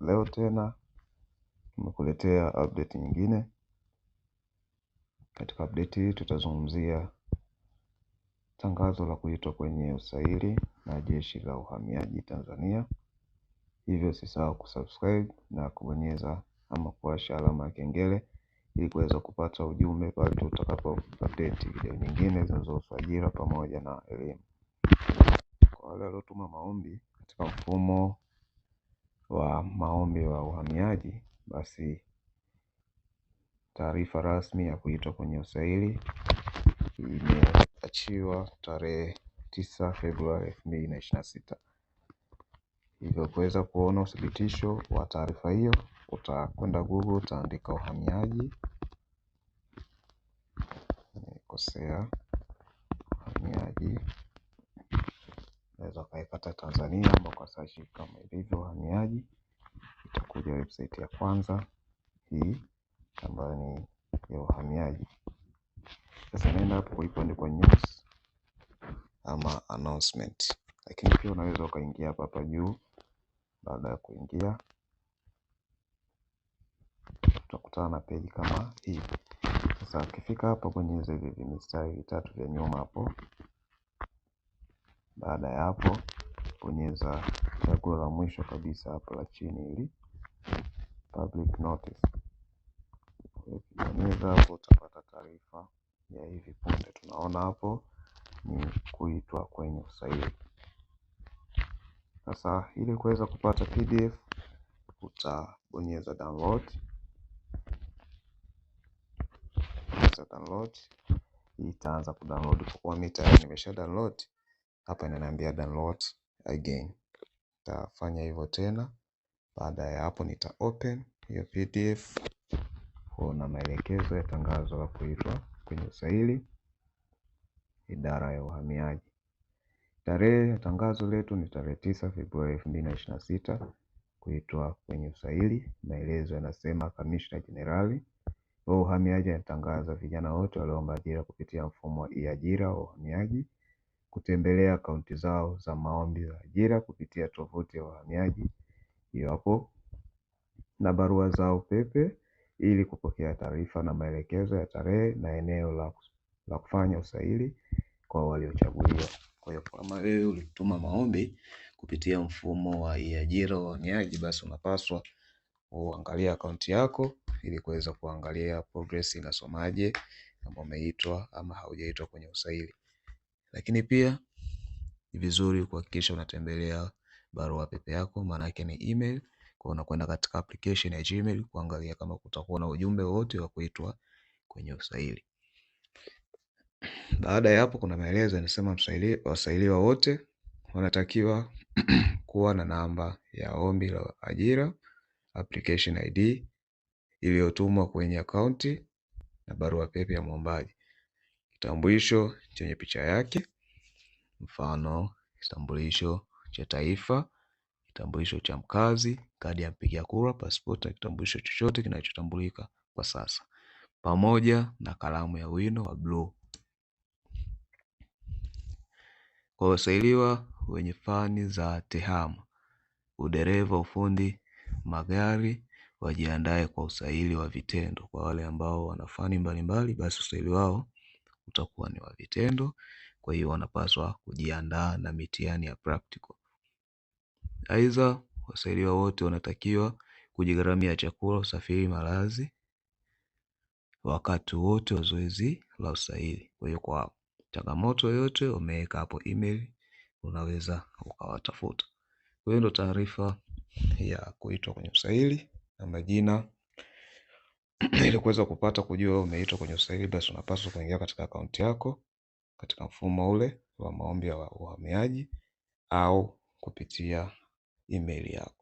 Leo tena tumekuletea update nyingine. Katika update hii tutazungumzia tangazo la kuitwa kwenye usaili na Jeshi la Uhamiaji Tanzania. Hivyo usisahau kusubscribe na kubonyeza ama kuwasha alama ya kengele ili kuweza kupata ujumbe pale tutakapo update video nyingine zinazohusu ajira pamoja na elimu. Kwa wale waliotuma maombi katika mfumo wa maombi wa uhamiaji, basi taarifa rasmi ya kuitwa kwenye usaili imeachiwa tarehe tisa Februari elfu mbili na ishirini na sita. Hivyo kuweza kuona uthibitisho wa taarifa hiyo, utakwenda Google, utaandika uhamiaji, nimekosea, uhamiaji unaweza ukaipata Tanzania kwa search kama ilivyo uhamiaji, itakuja website ya kwanza hii ambayo ni ya uhamiaji. Sasa naenda hapo kulipoandikwa news ama announcement, lakini pia unaweza ukaingia hapa hapa juu. Baada ya kuingia, utakutana na peji kama hii. Sasa ukifika hapa, bonyeza hivi mistari vitatu vya nyuma hapo baada ya hapo, bonyeza chaguo la mwisho kabisa hapo la chini ili public notice. Ukibonyeza hapo utapata taarifa ya hivi punde. Tunaona hapo ni kuitwa kwenye usaili. Sasa ili kuweza kupata PDF utabonyeza download, download itaanza kudownload kwa kuwa mimi tayari nimesha download hapa inaniambia download again. Nitafanya hivyo tena. Baada ya hapo nita open hiyo PDF Kuna maelekezo ya tangazo la kuitwa kwenye usaili idara ya uhamiaji. Tarehe ya tangazo letu ni tarehe tisa Februari elfu mbili na ishirini na sita kuitwa kwenye usaili. Maelezo yanasema Kamishna Jenerali wa Uhamiaji anatangaza vijana wote walioomba ajira kupitia mfumo wa e-ajira wa uhamiaji kutembelea akaunti zao za maombi ya ajira kupitia tovuti ya uhamiaji iwapo na barua zao pepe ili kupokea taarifa na maelekezo ya tarehe na eneo la kufanya usaili kwa waliochaguliwa. Kwa hiyo kama wewe ulituma maombi kupitia mfumo wa ajira uhamiaji basi unapaswa uangalia akaunti yako ili kuweza kuangalia progress inasomaje, kama umeitwa ama haujaitwa kwenye usaili. Lakini pia ni vizuri kuhakikisha unatembelea barua pepe yako maana yake ni email. Kwa unakwenda katika application ya Gmail kuangalia kama kutakuwa na ujumbe wowote wa kuitwa kwenye usaili. Baada ya hapo kuna maelezo yanasema wasailiwa wote wanatakiwa kuwa na namba ya ombi la ajira, application ID iliyotumwa kwenye akaunti na barua pepe ya mwombaji. Kitambulisho chenye picha yake mfano kitambulisho cha taifa, kitambulisho cha mkazi, kadi ya mpiga kura, pasipoti na kitambulisho chochote kinachotambulika kwa sasa pamoja na kalamu ya wino wa bluu. Kwa wasailiwa wenye fani za tehama, udereva, ufundi magari wajiandae kwa usaili wa vitendo kwa wale ambao wana fani mbalimbali basi usaili wao utakuwa ni wa vitendo, kwa hiyo wanapaswa kujiandaa na mitihani ya practical. Aidha, wasaidiwa wote wanatakiwa kujigharamia chakula, usafiri, malazi wakati wote wa zoezi la usaili. Kwa hiyo kwa changamoto yoyote wameweka hapo email, unaweza ukawatafuta. Kwa hiyo ndo taarifa ya kuitwa kwenye usaili na majina. ili kuweza kupata kujua umeitwa kwenye usaili, basi unapaswa kuingia katika akaunti yako katika mfumo ule wa maombi ya uhamiaji au kupitia email yako.